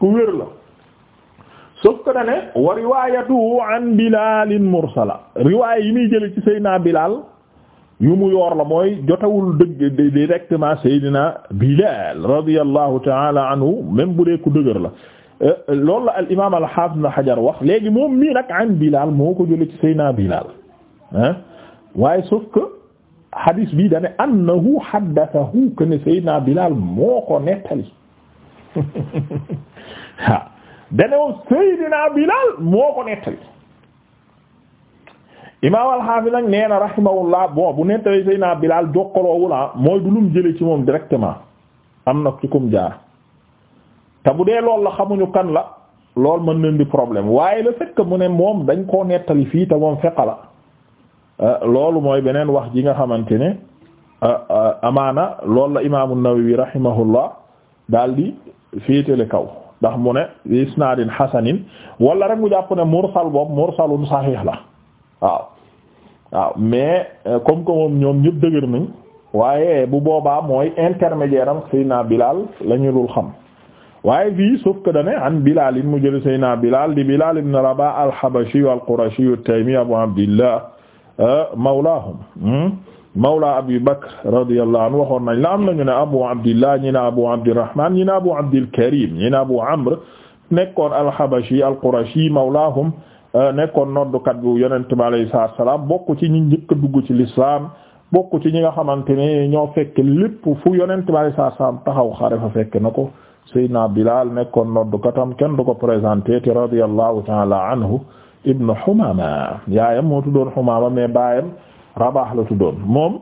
ku wér la dane wa an bilalin mursala riwaaya yi muy jële ci Seydina Bilal yu mu yoor la mooy jotawul dëgg directement Seydina Bilal radiyallahu taala anhu même bu euh, al imam al hafiz na Hajar wax léegi moom mii nag an Bilal moo ko jële ci Seydina Bilal ah hadis bi dane annahu haddathahu kaana Seydina Bilal moo ko nettali waaw danew Seydina Bilal moo ko nettali imam al-Hafiz nag nee na rahimahullah bon bu nettali Seydina Bilal jokkaloowula ah, mooy du lum jële ci moom directement am na ci kum jaar te bu dee lool la xamuñu kan la lool mën nañ di problème waaye le fait mu ne moom dañ koo nettali fii te moom feqa la euh, loolu mooy beneen wax ji nga xamante ne euh, euh, amaana loolu la imaamu Nawawi rahimahullah daal di féetale kaw ndax mu ne isnaadin hasanin wala rek mu jàpp ne mursal boobu mursalun sahih la waaw mais kom euh, kom moom ñoom ñëpp dëgër waaye bu boobaa mooy intermédiaire am sayna Bilal la ñu dul xam waaye fii sauf que dane an Bilal mu jël sayna Bilal di Bilal ibn Rabah al-Habashi al-Qurashi Abu Abdillah euh, mawlahum hmm? mawla abi bakr radiyallahu waxoon nañ la am nañu ne abu abdillah ñi ne abu abdirahman ñi ne abu abdilkarim ñi ne abu amr nekkoon alxabashi alqurashi mawlaahum euh, nekkoon noddukat bu yonent bi alayhi salaatu salaam bokk ci ñi njëkk a dugg ci lislaam bokk ci ñi nga xamante ne ñoo fekk lépp fu yonent bi salaam taxaw xare fa fekk na ko Seydina Bilaal nekkoon noddukatam kenn du ko présenté te radiyallahu ta'ala anhu ibnu Humaama yaayam moo tuddoon Humaama mais baayam Rabah la tuddoon moom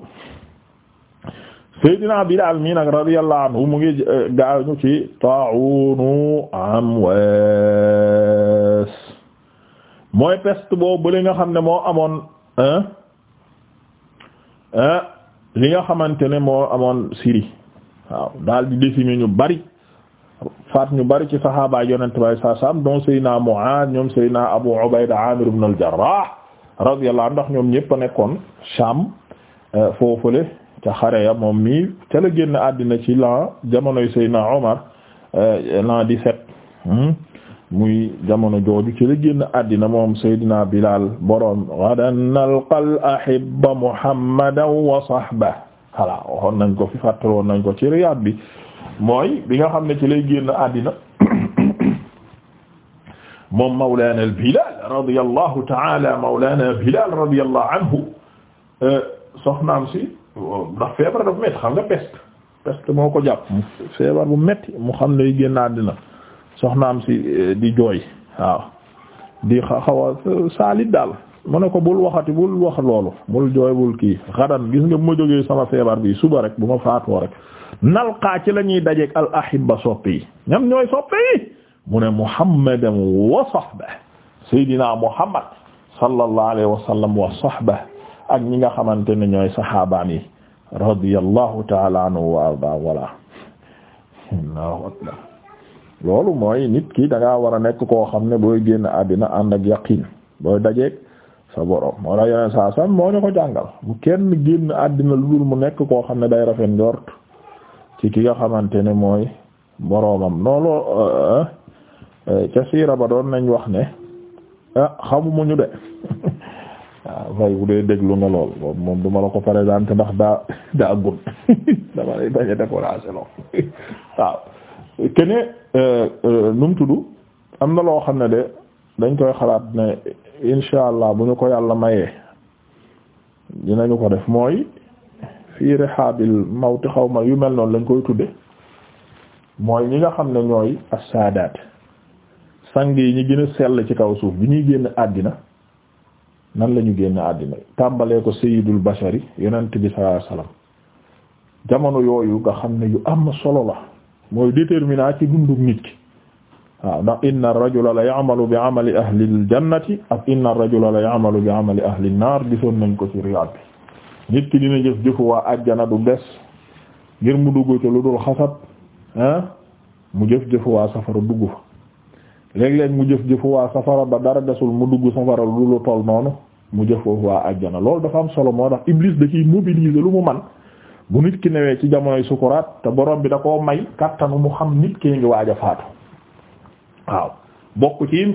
Seydina Bilaal mi nag radiyallahu anhu mu ngi eh, gaañu ci taa'uunu Amwaas mooy peste boobu ba li nga xam ne moo amoon li nga xamante ne moo amoon Syrie daal di décimé ñu bari faat ñu bari ci saxaabaay yonent bi sallallahu alayhi wasallam donc Seydina Muaaz ñoom Seydina Abu Ubayda Aamir ibn al radiyallahu ndax ñoom ñëpp a nekkoon Sham euh, foofule ca xare moom mii ca la génn àddina ci lan jamonoy Seydina Omar euh, lan 17 hmm? muy jamono jooju ci la génn àddina moom Seydina Bilal borom gadan nalqal ahibba Muhammadan wa sahba voilà waxoon nañ ko fi fàttaloon nañ ko ci Riyad bi mooy bi nga xam ne ci lay génn àddina moom mawlaana Bilaal radiyallahu ta'ala mawlaana Bilaal radiyallahu anhu euh, soxnaam si ndax feebar dafa métti xam nga peste peste moo ko jàpp feebar bu métti mu xam ne génn àddina soxnaam si euh, di jooy waaw di xaw a euh, saalit daal mu ne ko bul waxati bul wax loolu bul jooy bul kii xadan gis nga bu ma jógee sama feebar bi suba rek bu ma faatoo rek nalqaa ci la ñuy dajeeg al ahibba soppe ñam ñooy soppe mu ne muhammadan wa sahbah saydina muhammad sallallahu alayhi wa sallam wa sahbah ak ñi nga xamante ne ñooy saxaabaan yi radiyallahu taala anhu wa arda wala loolu mooy nit ki da ngaa war a nekk koo xam ne booy génn àddina ànd ak yaqiin booy dajeeg sa borom moo la yoneen bu kenn génn àddina lu dul mu nekk koo xam ne day rafet njort ci ki nga xamante ne mooy boroomam noonu euh, Euh, ca siira ba doon nañ wax ne ah xamumu ñu de waaw fay bu dee déglu nga lool boobu moom duma la ko présenter ndax daa daa gun dama lay bañ lool waaw kene euh, euh, nu mu tudd am na loo xam ne de dañ koy xalaat ne insha allah bu ñu ko yàlla mayee dinañu ko def mooy fii rihaabil mawti xaw ma yu mel noonu lañ koy tudde mooy ñi nga xam ne ñooy as-saadaat sang yi ñu gën a sell ci kaw suuf bi ñuy génn àddina nan lañu génn àddina tàmbalee ko sayyidul bashari yonent bi sallallahu alayhi yooyu nga xam ne yu am solo la mooy déterminant ci dundug nit ki waaw ndax inna ar-rajula la ya'malu bi 'amali ahli al ak inna ar-rajula la ya'malu bi 'amali ahli naar di gisoon nañ ko ci Riyad bi nit ki dina jëf jëfu waa àjjana du des ngir mu dugg ci lu dul xasab ah léeg-léeg mu jëf jëfu waa safara ba dara desul mu dugg safara lu lu toll noonu mu jëf foofu waa ajjana loolu dafa am solo moo tax iblis da ciy mobiliser lu mu man bu nit ki newee ci jamonoy sukuraat te boroom bi da koo may kattanu mu xam nit ki ngi waaj a faatu waaw bokk ci yi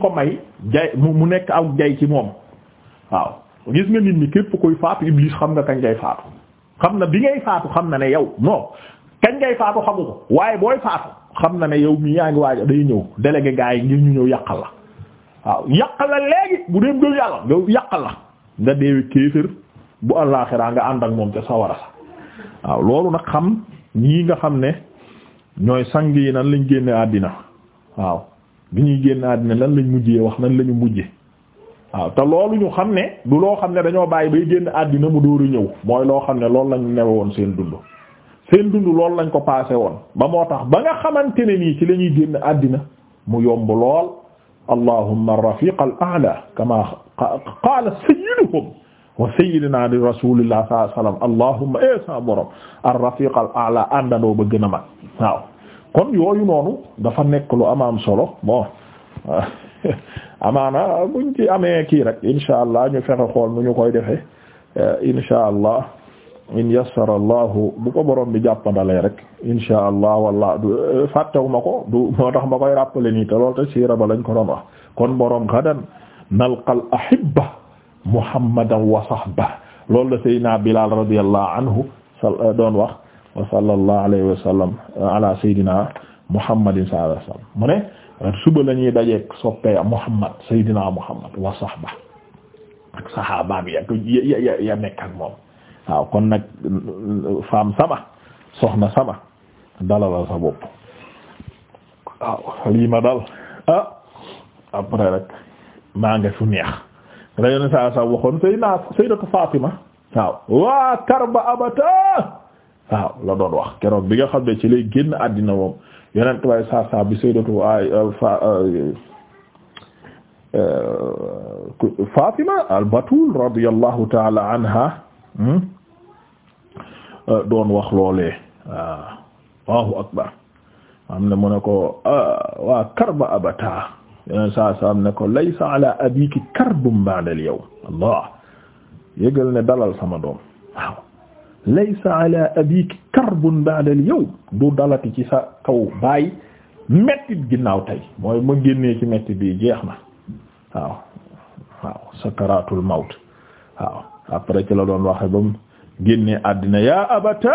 mu nekk ak jay ci moom waaw gis nga nit ñi képp koy faatu iblis xam nga kañ ngay faatu xam na bi ngay faatu xam na ne yow non kañ ngay faatu xamu ko waaye booy faatu. xam na ne yow mi yaa ngi waaja day ñëw délégué gaa yi ngir ñu ñëw yàqal la waaw yàqal la léegi bu dee gëm yàlla yàqal la nga deewe kéefër bu àllaaxiraa nga ànd ak moom ca sawara sa waaw loolu nag xam ñii nga xam ne ñooy sang yi nan lañ génne àddina waaw bi ñuy génn àddina nan lañ mujjee wax nan lañu mujje waaw te loolu ñu xam ne du loo xam ne dañoo bàyyi bay génn àddina mu dóoru ñëw mooy loo xam ne loolu lañ newe woon seen dund seen dund lool lañ ko paase woon ba moo tax ba nga xamante ne nii ci la ñuy génn àddina mu yomb lool allahumma rafiq al a'la kama qaala sayyiduhum wa sayyidina di rasulillah sallallahu alayhi wasallam allahumma e sa borom rafiq a'la àndandoo ba gën a mag waaw kon yooyu noonu dafa nekk lu amaam solo bon amaana buñ ci amee kii rek insha allah nu ñu koy defee eh, insha in yassara allahu bu ko borom bi jàppandalee rek insha allah walla du euh, fàttewuma ko du moo tax ma koy rappelé nii te lool te siira ba gadan nalqal ahibba muhammadan wa sahba loolu la sayyidina bilal radiyallahu anhu euh, doon wax wa sallallahu alayhi wa sallam euh, ala sayyidina muhammadin mu ne suba la ñuy muhammad sayyidina muhammad wa sahba ya ya moom waaw kon nag femme sama soxna sama dalalal sa bopp waaw lii ma dal ah après rek maa nga fu neex la yoon saa saa waxoon say naa sayyidatu Fatima waaw waa karba abata waaw la doon wax keroog bi nga xam ne ci lay génn àddina moom yeneen tubaab saa saa bi sayyidatu ay eh, Fatima al-Batul radiyallahu ta'ala anha Hmm? Euh, doon wax loolee waaw ah. akbar am na mu ne ko ah, waa karba abata yeneen saa saa am ne ko laysa ala abiki karbun ba'da yëgal ne dalal sama doom waaw laysa ala abiki karbun ba'da du dalati ci sa kaw baay mettit ginnaaw tey mooy ma génnee ci mettit bi jeex na waaw waaw sakaratul waaw après ci la doon waxe àddina ya abata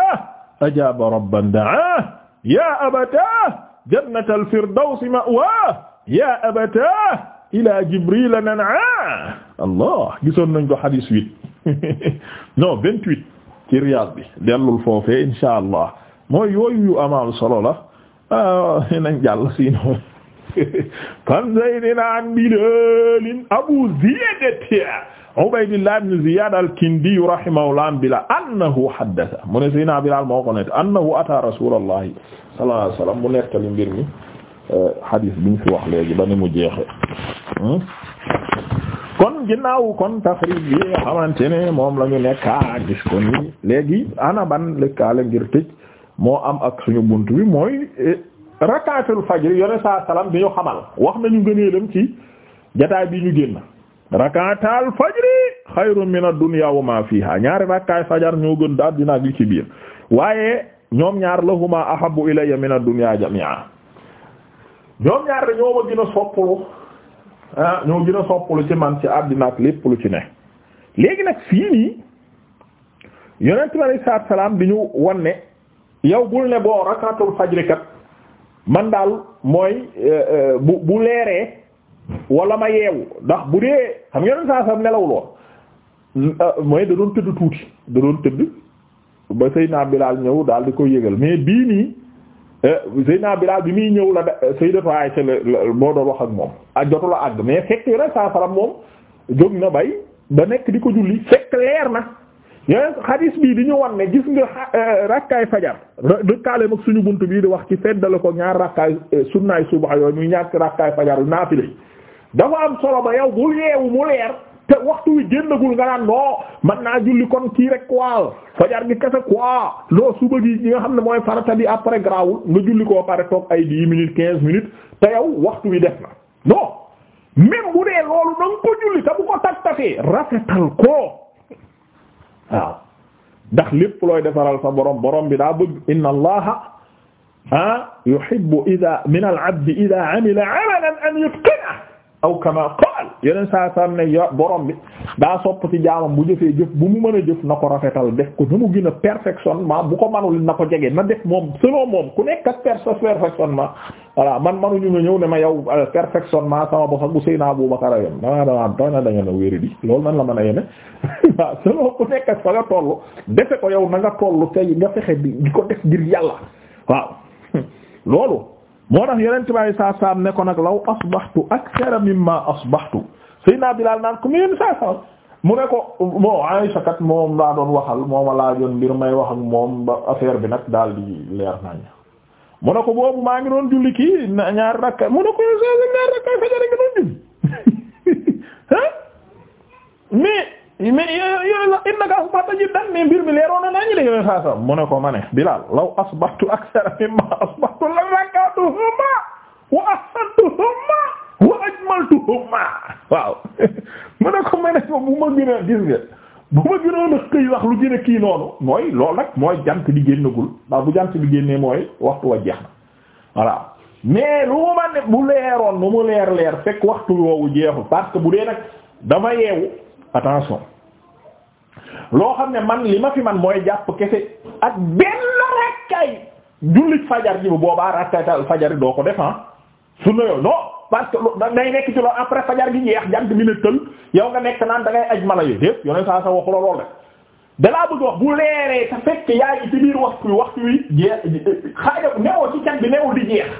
ajaba rabban daa ya abata jannata alfirdaws ma'wa ya abata ila jibrila nan'a allah gisoon nañ ko hadis huit non vingt-huit ci Riyad bi dellul foofee insha allah mooy yooyu amaam solo la ah, nañ jàll sinon kan Zaydina an Bilalin Abu Ziyadata Ubaydillah ibn Ziyad al-Kindi rahimahullah bila annahu haddatha mu ne Seydina Bilaal moo ko net annahu ata rasulallahi sallallahu alayhi wa sallam mu nettali mbir mi euh, hadis bi ñu fi wax léegi ba ni mu jeexe hmm? kon ginnaaw kon tafriq bi nga ne moom lañu ñu nekkaa ah, gis ko ni léegi ana ban lëkkaale ngir tëj moo am ak suñu bunt bi mooy eh, rakaatul fajr yone saa salaam bi ñu xamal wax nañu gëneelam ci jataay bi ñu génn rakaatal fajri xayrun min ad-dunya wa ma fiha ñaari rakkaay fajar ñoo gën daal dina li ci biir waaye ñoom ñaar lahuma ahabbu ilayya min ad-dunya jami'a ñoom ñaar de ñoo ma gën soppulu ah ñoo gën soppulu ci man ci àddina ak lépp lu ci ne léegi nag fii nii yonent salaam bi ñu wan ne bul ne boo rakaatul fajri kat man daal mooy eh, eh, bu bu wala ma yeewu ndax bu dee xam nga saa saam nelawul woon euh, mooy da doon tëdd tuuti da doon tëdd ba Seydina Bilaal ñëw daal di ko yëgal mais bii nii euh, Seydina Bilaal bi muy ñëw la euh, Sayyidatu Aysa la moo doon wax ak moom ah, a jóg na bay ba nekk di ko julli fekk leer na yoneen xadiis bii di ñu wan ne gis nga rakkaay fajar rëkkaale mag suñu bunt bii di wax ci feddale ko ñaar rakkaay sunnaay suba yooyu muy ñàkk rakkaay fajar naafile dafa am solo ba yow bu yeewu mu leer te waxtu wi génnagul nga naan non man naa julli kon kii rek quoi fajar gi kese quoi non suba gi nga xam ne mooy farata bi après grawul nga julli koo pare toog ay dix minutes quinze minutes te yow waxtu wi def na non même bu dee ko julli te bu ko tagtatee rafetal ko waaw ndax lépp looy defaral sa borom borom bi daa bëgg inna allaha ah yuhibbu ida min al abdi ida amila amalan an yutqina aw kama qaal yeneen saa saa ne yo- borom bi daa sopp ci jaamam bu jëfee jëf bu mu mën a jëf na ko rafetal def ko nu mu gën a perfectionnement bu ko manul na ko jege na def moom selon moom ku nekk ak perfectionnement voilà man manuñu nga ñëw ne ma yow euh, perfectionnement sama bos ak bu sëy naa Abu Bakar a yoon damaa damaa doy na danga na wéeri di loolu nan la tollu defe ko yow na nga tollu tey nga fexe di ko def ngir yàlla waaw loolu moo tax yonent bi saa saam ne ko nag law asbaxtu akthara mimma asbaxtu Seydina Bilaal naan ko meen saa mu ne ko bon Aysa moom laa doon waxal mooma laajoon mbir may wax ak moom ba affaire bi nag daal di leer nañ mu ne ko boobu maa ngi doon julli kii ñaari rakka mu ne ko ñaari rakka fajar ngi doon julli mais mais yooyu la innaka mbir mi leeroon na nañu de yooyu saa saa mu ne ko ma ne Bilaal law asbahtu akthara mimma asbahtu la rakatuhuma wa ahsantuhuma wa ajmaltuhuma waaw mu ne ko ma bu ma gën a gis nga bu ma gënoon a xëy wax lu gën a kii noonu mooy loolu nag mooy jant bi génnagul ndax bu jant bi génnee mooy waxtu wa jeex na voilà mais lu ma ne bu leeroon nu mu leer leer fekk waxtu woowu jeexul parce que bu dee nag dama yeewu attention loo xam ne man li ma fi man mooy jàpp kese ak benn rakkay jullit fajar ji bu boobaa rakkay fajar doo ko def ah. su sunna yow non parce que day nekk ci loolu après fajar gi jeex jant bi nekk naan da ngay mala yooyu dépp yoneen saa sa la lool rek dalaa bëgg wax bu leeree te fekk yaa ngi ci biir waxtu waxtu wi jeex xaaja newoo ci jant bi di jeex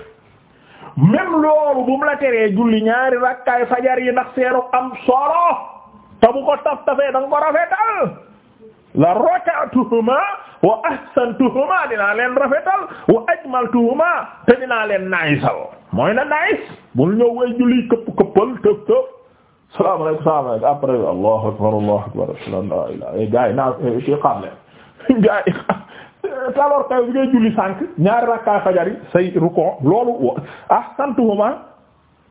même loolu bu mu la teree julli ñaari rakkaay fajar yi ndax seeru am solo te bu ko taf tafee da nga ko rafetal la raka'tuhuma wa ahsantuhuma dinaa leen rafetal wa ajmaltuhuma te dinaa leen naayisal mooy na naayis bul ñëw way julli këpp këppal këpp këpp salaamaaleykum salaamaaleykum après allahu akbar allahu akbar la ilaha gaa yi naa ci xam leen gaa yi eh, taloor kay bi ngay julli sànq ñaari rakka fajar yi say rukon loolu ahsantuhuma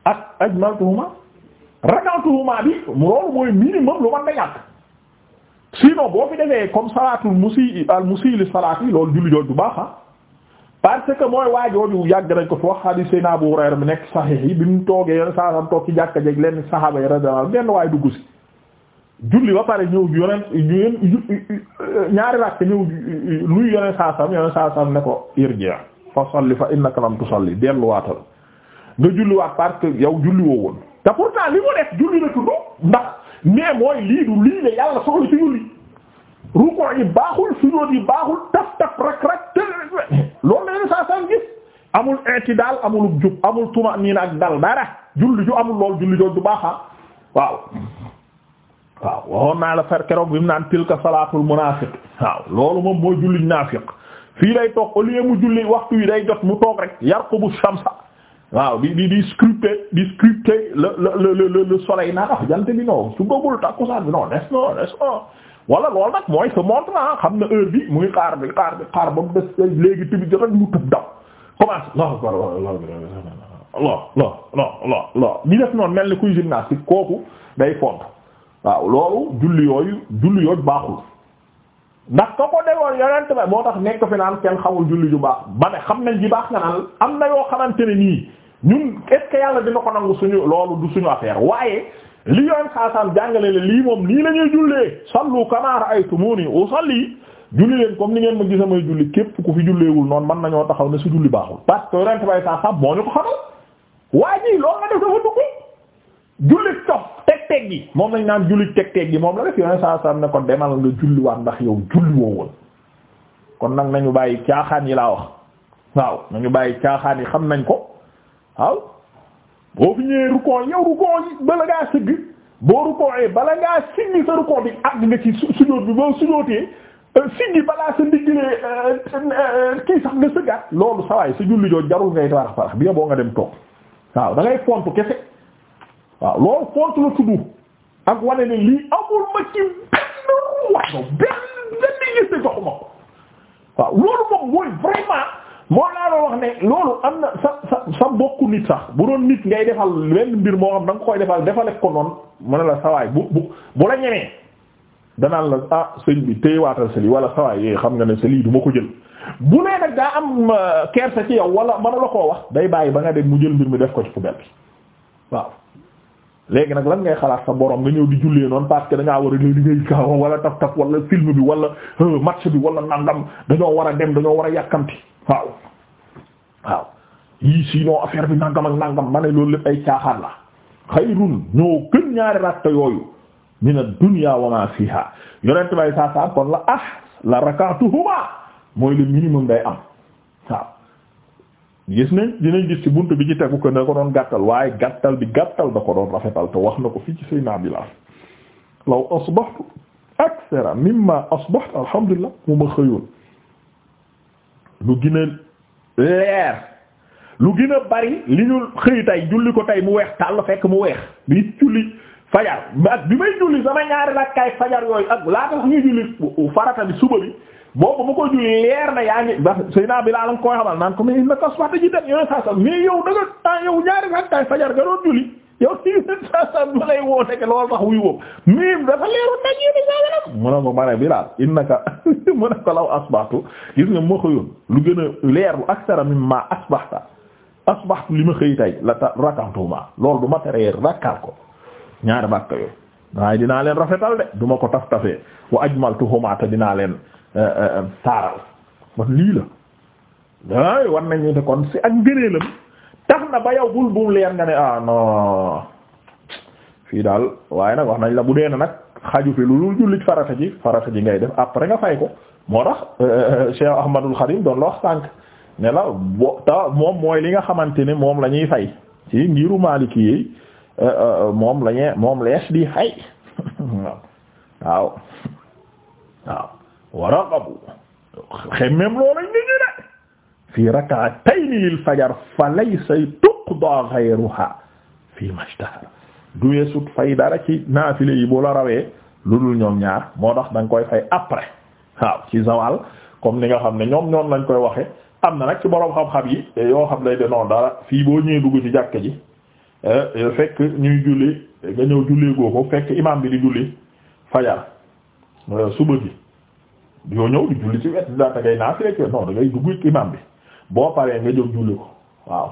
ak ajmaltuhuma ragaltuhuma bi loolu mooy minimum lu man da ñàkk sinon boo fi defee comme salaatul musi al musi li salaat yi loolu julli jooju bu baax ah. parce que mooy waajooju yàgg nañ ko fi wax hadiis bu Abu Hurayra bi nekk saxiix yi bi mu toogee yenn saa sam toog ci jàkka jeeg lenn saxaaba yi radiyallaahu benn waaye dugg si julli ba pare ñëw yoneen ñaari rakk ñëw luy yoneen saa sam yoneen ne ko irji fa salli fa innaka lam tusalli delluwaatal nga julliwaat parce que yow julliwoo te pourtant li mu def julli la tudd mooy lii du lii la yàlla soxla ci julli ruukoo yi baaxul sujóot baaxul taf taf rak rak te loolu la yeneen saa amul i'tidaal amul jub amul tuma'niina ak julli ju amul lool julli jooju du baaxa ah. waaw waaw waxoon naa la fer keroog bi mu naan tilka salaatul munaafiq waaw loolu day waxtu wi day jot mu toog rek yarqubu shamsa waaw di di di scripté di scripté le le le le soleil naan ah jant bi non su bëggul tàkkusaan bi non des na des na wala loolu nag mooy se montre ah xam na heure bi muy xaar bi xaar bi xaar ba mu des léegi tamit jot rek mu tëb daw commencé Allahu mel ni kuy gymnastique kooku day font waaw loolu julli yooyu julli yooyu baaxul ndax ko ko dewoon yonent ba moo tax nekk fi naan kenn xamul julli ju baax ba xam nañ ji baax nga naan am na yoo xamante nii ñun est-ce que yàlla dina ko nangu suñu loolu du suñu affaire waaye li yoon saasaan jàngale la lii moom nii la ñuy jullee sallu kama ra'aytumuni usalli julli leen comme ni ngeen ma gis may julli képp ku fi julleewul noonu mën nañoo taxaw ne su julli baaxul parce que yonent bay saa moo ñu ko xamal waa ji loolu la def dafa dugg julli tox teg teg gi moom nañ naan julli teg teg gi moom la def yonent saa sam ne ko demal nga julli waat ndax yow kon nag nañu bàyyi caaxaan yi laa wax waaw nañu bàyyi caaxaan yi xam nañ ko waaw boo fi ñëwee rukkoo yow rukkoo yi bala ngaa sëgg boo rukkooee bala ngaa siggi sa rukkoo bi àgg nga ci sujóot bi boo sujóotee euh, siggi balaa sa ndiggilee euh, euh, kii sax nga sëggaat loolu sawaay sa julli joo jarul ngay farax farax bi boo nga dem toog waaw da ngay font kese waaw loolu moom mooy vraiment moo laa doon wax ne loolu am na sa sa sa bokku nit sax bu doon nit ngay defal benn mbir moo xam da nga koy defal defal ko noon mën ne la sawaay bu bu bu la ñemee danaan la ah sëñ bi téywaatal seli wala sawaay yooyu eh, xam nga ne seli du ma ko jël bu nee nag daa am euh, kersa ci yow wala mënu la koo wax day bàyyi ba nga dem mu jël mbir mi def ko ci poubelle bi waaw léegi nag lan ngay xalaat sa borom nga ñëw di jullee noonu parce que dangaa war a léegi ngay gaaw wala taf taf wala film bi wala euh, match bi wala nangam dañoo war a dem dañoo war a yàkkamti waaw waaw yii sinon affaire bi nangam ak nangam ma loolu lépp ay caaxaan la xayrun ñoo gën ñaari rakka yooyu mina dunya wa ma fiha yonent bay saa saa kon la ah la rakaatuhuma mooy le minimum day am gis nañ dinañ gis ci buntu bi ci tegu ko da ko doon gàttal waaye gàttal bi gàttal da ko doon rafetal te wax na ko fii ci say naa bilaal law asbahtu akthara mimma asbahtu alhamdulillah mu ma xëyoon lu gën a leer lu gën bari li ñu xëy tey julli ko tey mu weex tàll fekk mu weex bi julli fajar ba bi may julli sama ñaari rakkaay fajar yooyu ak laata sax ñuy julli farata bi suba bi boobu ma ko julli leer na yaa ngi Seydina Bilaal nga koy xamal naan ko mais nga ah julli yow yoneen saa sa ba lay woo nekk loolu tax wuy woob mais dafa leeru nag yéni saaganak mu ne ko ma ne Bilaal innaka mu ne ko law asbahtu gis nga ma xëyoon lu gën a leerlu aksara mimma asbahta asbahtu li ma xëy tay la ta rakantuma loolu du ma teree ko ñaari bàkka yooyu waaye dinaa leen rafetal de du ko taf tafee wa ajmaltuhumaa te dinaa leen eh, eh, eh, taaral kon lii la waaye war nañu ne kon si ak ba yow bul bul ah, fii daal waaye nag wax nañ la bu dee nag xaju fi lu jullit farata ji farata ji ngay def après nga fay ko moo tax Cheikh Ahmadul Xadim doon la wax sànq ne la ta moom mooy li nga xamante ne moom la ñuy fay ci ngiru Maliki yi moom lañee moom lees di xay waaw waaw waraqabu xemmem loolañ nit ñi de fi rak'atayn lil fajar fa laysa tuqda ghayruha fi mashtahara du weesut fay dara ci naafile yi boo la rawee lu dul ñoom ñaar moo tax da koy fay après waaw ci zawal comme ni nga xam ne ñoom ñoom lañ koy waxe am na nag ci boroom xam-xam yi yoo xam lay de noonu dara fii boo ñëwee dugg ci jàkk ji Euh, euh, fekk ñuy julli nga ñëw jullee goo ko fekk imam bi di julli fajar euh, suba gi ñëw di julli wet daata ngay naa fekk non da ngay dugg imam bi boo pare nga jóg julli ko waaw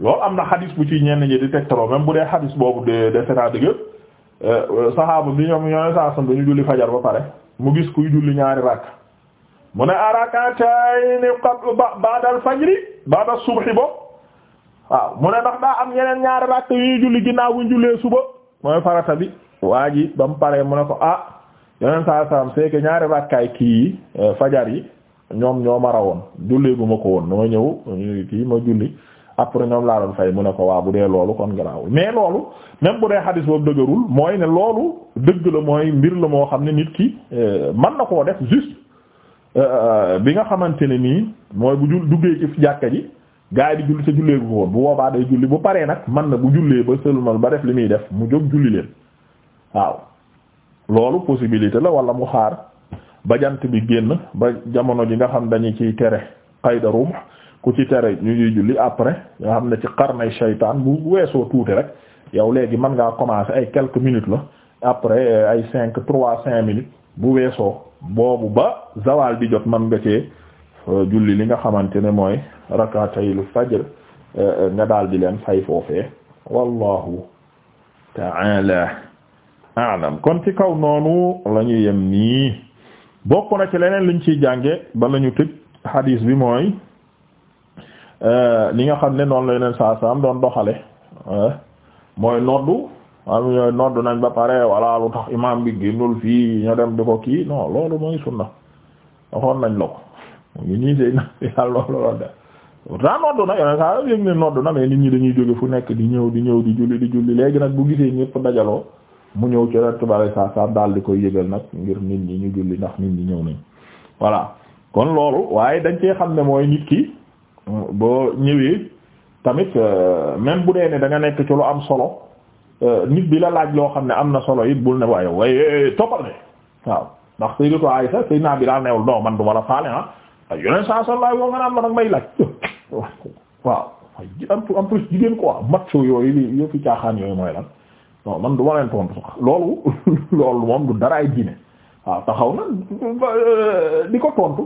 loolu am na xadis bu ci ñenn ñi di tegtaloo même bu dee xadis boobu de de sena dëgër saxaaba bi ñoom ñoo saa sam dañu julli fajar ba pare mu gis kuy julli ñaari rakk mu ne arakatayni qab ba'da al fajri ba'da subhi bo waaw mu ne ndax daa am yeneen ñaari rakk yu julli ginnaaw bu ñu jullee suba mooy farata bi waa ji ba mu paree mu ne ko ah yeneen saa salaam c'est que ñaari rakkaay kii yi euh, fajar yi ñoom ñoo ma woon jullee bu ma ko woon noo ñëw kii ma julli après ñoom laa doon mu ne ko waa bu dee loolu kon garaawul mais loolu même bu dee xadis boobu dëgërul mooy ne loolu dëgg la mooy mbir la moo xam ne nit ki euh, man na koo def juste euh, bi nga xamante ne nii mooy bu jul duggee ci jàkka ji. gaa yi di julli te jullee ko woon bu boobaa day julli bu paree nag man na bu jullee ba sëlmal ba def li muy def mu jóg julli leen waaw loolu possibilité la wala mu xaar ba jant bi génn ba jamono ji nga xam dañu ciy tere xayda ruum ku ci tere ñu ngi julli après nga xam ne ci xarnay shaytaan bu weesoo tuuti rek yow léegi mën ngaa commencer ay quelques minutes la après euh, ay cinq trois cinq minutes bu weesoo boobu ba zawal di jot man nga cee julli li nga xamante ne mooy rakataylu fajr nga daal di leen fay foofee wallahu ta'ala a'lam kon ci kaw noonu la yem nii bokk na ci leneen luñ ciy jànge ba la tëj hadis bi mooy li e, nga xam ne noonu la yeneen saa saam doon doxale e, mooy noddu am ñooy noddu nañ ba pare wala lu tax bi génnul fii ñoo dem di ko kii non loolu mooy sunna waxoon nañ la ko ñu nii sëy na yàlla loolu loolu def pourtant noddu na yoneen saa yëg ne noddu na mais nit ñi dañuy jóge fu nekk di ñëw di ñëw di julli di julli léegi nag bu gisee ñëpp dajaloo mu ñëw ci rek tubare saa saa daal di koy yëgal nag ngir nit ñi ñu julli ndax nit ñi ñëw nañ voilà kon loolu waaye dañ cee xam ne mooy nit ki boo ñëwee tamit euh, même bu dee ne da nekk ci lu am solo euh, nit bi la laaj loo xam ne am na solo it bul ne waaye waaye eh, toppal ne waaw ndax Sayyidatu Aisha Sayyidina Bilaal ay yeneen saa soxlaa yoo nga naan ma nag may laaj waaw am am plus ko quoi matsu yooyu li caaxaan yooyu mooy lan non man du ma leen tontu sax loolu loolu moom du daraay dine waaw taxaw na euh, di ko tontu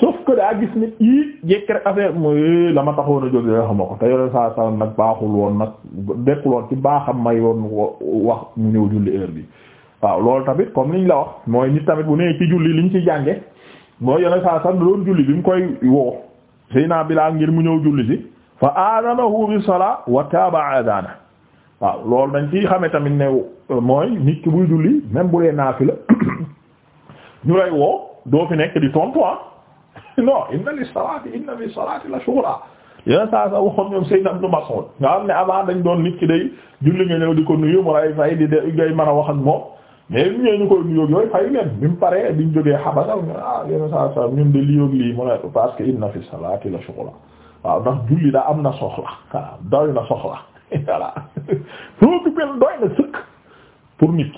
sauf que daa gis ni i jekk rek affaire mooy eh, la ma taxoon a jóge xama ko te yoneen saa sallam nag baaxul woon nag dekkul woon ci baaxam may woon wax mu ñëw julli heure bi waaw loolu tamit comme niñ la wax mooy nit tamit bu nee ci julli liñ ci jànge mooy yeneen saa sax doon julli bi mu koy woo Seydina Bilaal ngir mu ñëw julli si fa aadanahu bi salaa wa taaba aadana waaw loolu dañ ci xame tamit ne mooy nit ki buy julli même bu dee naafila ñu lay woo doo fi nekk di tontu ah non inna li salaati inna li salaati la shughla yeneen saa sax waxoon ñoom Seydina Ibn Mas'ud nga xam ne avant dañ doon nit ki day julli nga ñëw di ko nuyu mu lay fay di de ngay mën a wax ak moom mais ñu ñëwee ñu koy nuyoo yooyu fay leen bi mu paree bi ñu jógee xabasa ñu ah yenn saa saa ñun de lii ak lii mu ne parce que inna fi salaati la shughla waaw ndax julli daa am na soxla voilà na soxla voilà nit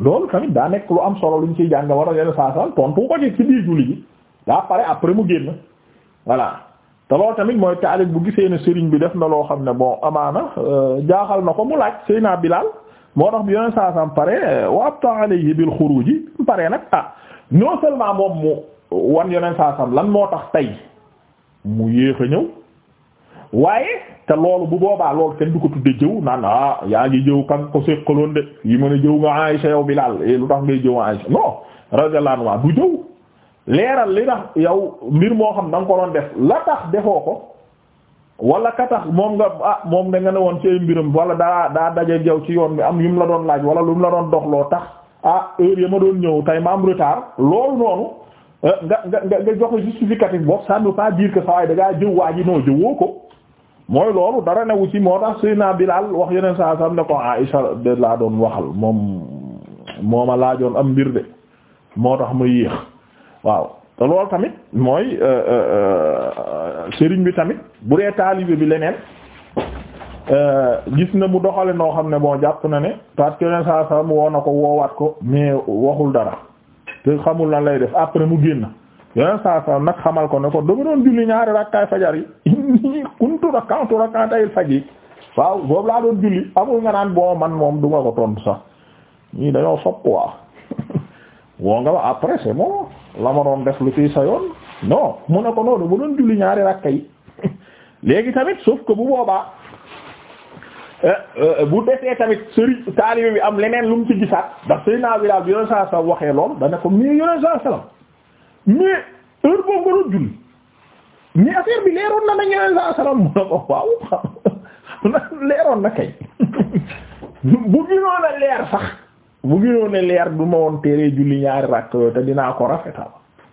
loolu tamit daa nekk lu am solo luñ ciy jàng war a yenn saa saa tontu ko ci ci julli ji daa pare après mu génn voilà te loolu tamit mooy taalib bu gisee ne sëriñ bi def na loo xam ne bon amaana euh, jaaxal na ko mu laaj Seyna Bilal. moo tax bi yeneen saa saam pare wa abta alayhi bil xuruji pare nag ah non seulement moom mu wan yeneen saa saam lan moo tax tey mu yéex a ñëw waaye te loolu bu boobaa loolu kenn du ko tudde jëw naan ah yaa ngi jëw kan ko seqaloon de yi mën jëw nga Aysa yow Bilaal eh, lu tax ngay jëw Aysa non radiyallahu anha du jëw leeral li tax yow mbir moo xam danga nga ko doon def la tax defoo ko. wala ka tax moom nga ah moom da nga ne woon ci ay mbiram wala daa daa daje jaw ci yoon bi am yu mu la doon laaj wala lu mu la doon doxloo tax ah heure ya ma doon ñëw tay ma am retard loolu noonu eh, nga nga nga joxe justificatif boobu ça ne veut pas dire que saa waay jëw waa ji noo jëwoo ko mooy loolu dara newu ci moo tax Seydina Bilaal wax yeneen saa sam ne ko Aïcha de laa doon waxal moom moo ma laajoon am mbir de moo tax ma yéex waaw. te loolu tamit mooy euh, euh, euh, sëriñ bi tamit bu dee taalibe bi leneen gis na mu doxale noo xam ne moo jàpp na ne parce que yeneen saa saa mu na ko woowaat ko mais waxul dara te xamul na lay def après mu génn yeneen saa saa nag xamal ko ne ko dama doon julli ñaari rakkaay fajar yi inni kuntu rakkantu rakkantayil faj yi waaw boobu laa doon julli amul nga naan bon man moom duma ko tontu sax ñii dañoo sopp waa woo nga ba après c'est bon la ma def lu ciy sa yoon non mu ne ko noonu bu doon julli ñaari rakka yi léegi tamit sauf ko bu boobaa eh, eh, bu desee tamit sëriñ taalibe bi am leneen lu mu ci gisaat ndax sëy naa bi daal bi yoneen saa sallam waxee loolu dana ko mais yoneen saa sallam mais heure ko waaw leeroon na kay bu ginoon a leer sax mu ngi ne leer du ma woon téere julli ñaari rakk yooyu te dinaa ko rafetal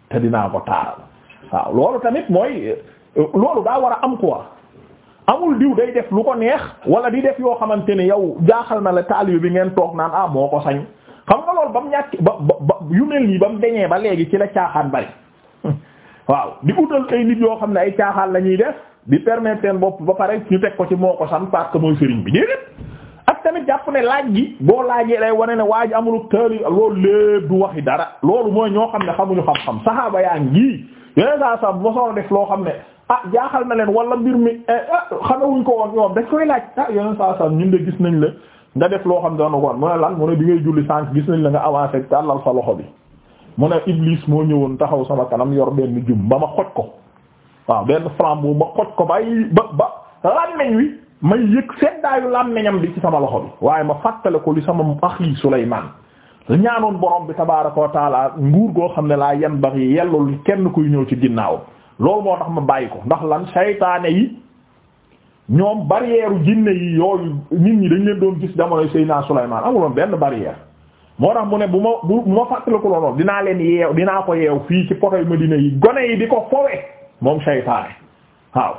te dinaa ko taaral waaw loolu tamit mooy euh, loolu daa war a am quoi amul diw day def lu ko neex wala di def yoo xamante ne yow jaaxal na la taalibe bi ngeen toog naan ah moo ko sañ xam nga loolu ba mu ñàkk ba ba yu mel nii ba mu deñee ba léegi ci la caaxaan bari waaw di utal ay nit yoo xam ne ay caaxaan la ñuy def di permettre seen bopp ba pare ñu teg ko ci moo ko san parce que ak tamit jàpp ne laaj gi boo laajee day wane ne waa ji amul tëli loolu lépp du waxi dara loolu mooy ñoo xam ne xamuñu xam-xam saxaaba yaa ngi yeneen saa sax mosoo def loo xam ne ah jaaxal na leen wala mbir mi eh, ah xamewuñ ko woon ñoom dañ koy laaj ah yeneen saa sax ñun de gis nañ la nga def loo xam ne daanaka woon mu ne lan mu ne bi ngay julli sànq gis nañ la nga avancé tàllal sa loxo bi mu ne Iblis moo ñëwoon taxaw sama kanam yor benn jum ba ma xo ko waaw ko ba ba lan may yëg seddaayu làmmiñam bi ci sama loxo bi waaye ma fàttale ko li sama ax yi Sulaymaan ñaanoon borom bi tabaaraka wa taala nguur goo xam ne laa yan bax yi yellul kenn kuy ñëw ci ginnaaw loolu moo tax ma bàyyi ko ndax lan saytaane yi ñoom barrière jinne yi yooyu nit ñi dañ leen doon gis jamono Seydina Sulaymaan amuloon benn barrière moo tax mu ne bu ma bu ma fàttaliku loolu dinaa leen yeew dinaa ko yeew fii ci poto yu Madina yi gone yi di ko fowe moom saytaane waaw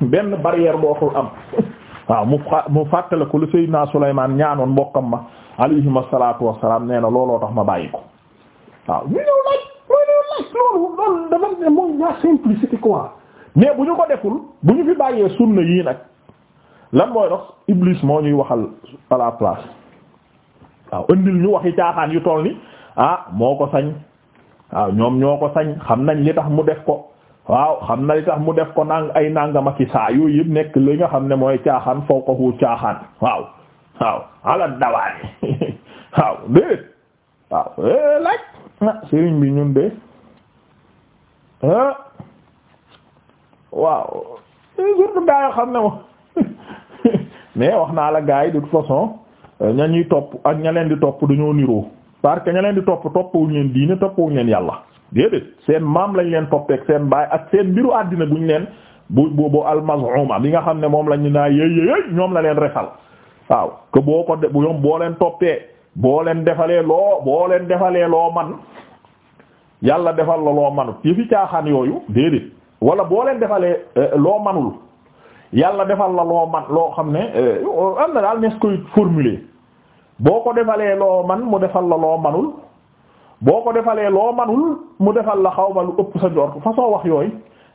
benn barrière am waaw mu mu fàttale ko lu Seydina Sulaymaan ñaanoon mbokkam ma alayhim asalaatu wasalaam nee na looloo tax ma bàyyi ko waaw ñu ñëw laaj mooy ñëw laaj loolu loolu dafa ne mooy la simplicité quoi mais bu ñu ko deful bu ñu fi bàyyee sunna yii nag lan mooy dox Iblis moo ñuy waxal à la place waaw indil ñu waxi caaxaan yu toll ni ah moo ko sañ waaw ñoom ñoo ko sañ xam nañ li tax mu def ko waaw xam na li tax mu def ko nang ay nangama ki saa yooyu yëpp nekk li nga xam ne mooy caaxaan foo ko hu caaxaan waaw waaw ala dawaani waaw déet waaw eh, laaj ah, sëriñ bi ñun de ah. waaw eh, surtout gaa yoo xam ne moom mais wax naa la gaa yi de toute façon euh, ña ñuy topp ak ña leen di topp dañoo niroo parce que ña leen di topp topp toppwuñ leen diine toppwuñ leen yàlla déedéet seen maam lañ leen toppeeg seen baay ak seen mbiru àddina buñ leen bu boobu almazuma bi nga xam ne moom lañ naa yéy yéy ñoom la leen refal waaw que boo ko de ñoom boo leen toppee boo leen defalee loo boo leen defalee loo man yàlla defal la loo manut yi yooyu déedéet wala boo leen defalee euh, loo manul yàlla defal la loo man loo xam ne euh, am na daal nees koy formuler boo ko defalee loo man mu defal la loo manul boo ko defalee loo manul mu defal la xaw ma lu ëpp sa joor njort façon wax yooyu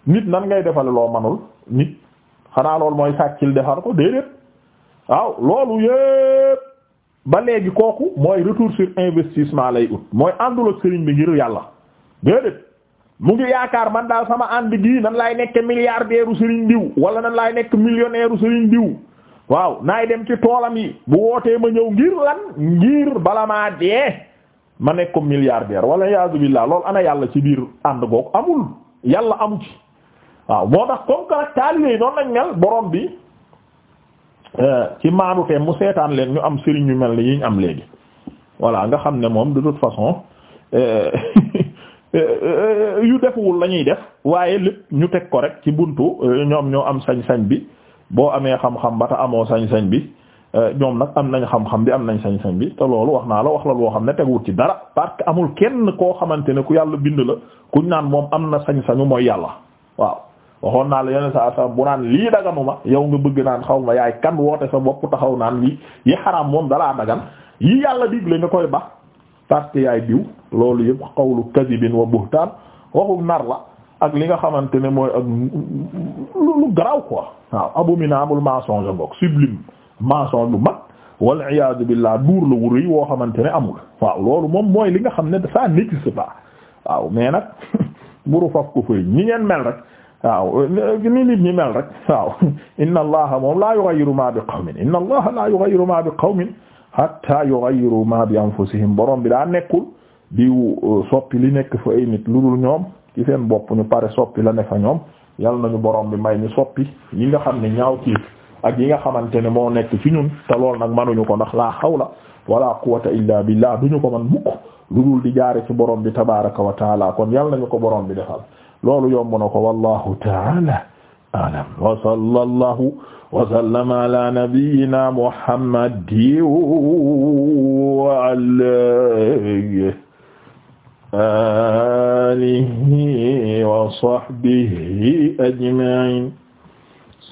nit nan ngay defale loo manul nit xanaa loolu mooy sàccil defar ko déedéet waaw loolu yépp ba léegi kooku mooy retour sur investissement lay ut mooy àndul ak sëriñ bi ngir yàlla déedéet mu ngi yaakaar man daal sama ànd gi nan laay nekk milliardaire u sëriñ diw wala nan laay nekk millionnaire u sëriñ diw waaw naay dem ci toolam yi bu wootee ma ñëw ngir lan ngir bala maa dee ma nekk ko milliardaire wala yaasu billah loolu ana yàlla ci biir ànd googu amul yàlla am ci waaw moo tax comme que nag taalibe yi noonu lañ mel borom bi euh, ci maanu te mu seetaan leen ñu am sëriñ yu mel ni yi ñu am léegi voilà nga xam ne moom de toute façon euh, euh, yu defuwul la ñuy def waaye lépp ñu teg ko rek ci buntu ñoom ñoo am sañ-sañ bi boo amee xam-xam ba ta amoo sañ-sañ bi ñoom nag am nañ xam-xam bi am nañ sañ-sañ bi te loolu wax naa la wax la loo xam ne teguwut ci dara parce que amul kenn koo xamante ne ku yàlla bind la kuñ naan moom am na sañ-sañu mooy yàlla waaw waxoon naa la yeneen saa saa bu naan lii daganuma yow nga bëgg naan xaw ma yaay kan woote sa bopp taxaw naan lii yi xaraam moom dalaa dagan yi yàlla digle nga koy bax parce que yaay diw loolu yëpp xawlu kadibin wa buhtaan waxu nar la ak li nga xamante ne mooy ak lu garaaw quoi waaw mensonge lu mag wal iyaadu billah duur la wu woo xamante ne amul waaw loolu moom mooy li nga xam ne ça n'existe pas waaw mais nag buru faf ko fëy ñi ngeen mel rek waaw ni nit ñi mel rek waaw inna allaha moom laa yughayyiru ma bi qawmin inna allaha laa yughayyiru ma bi qawmin hatta yughayyiru ma bi anfusihim boroom bi daa nekkul di uh, soppi li nekk fa ay nit lu dul ñoom ci seen bopp ñu pare soppi la ne fa ñoom yal nañu borom bi may ñu soppi ñi nga xam ni ñaaw ak yi nga xamante ne moo nekk ci ñun te lool nag manuñu ko ndax laa hawla wala quwwata illa billah duñu ko man mukk lu dul di jaare ci borom bi tabaraka wa taala kon yàlla ko borom bi defal loolu yomb na ko wallahu taala a'lam wa sallallahu ala nabiyyina muhammadin wa ala alihi wa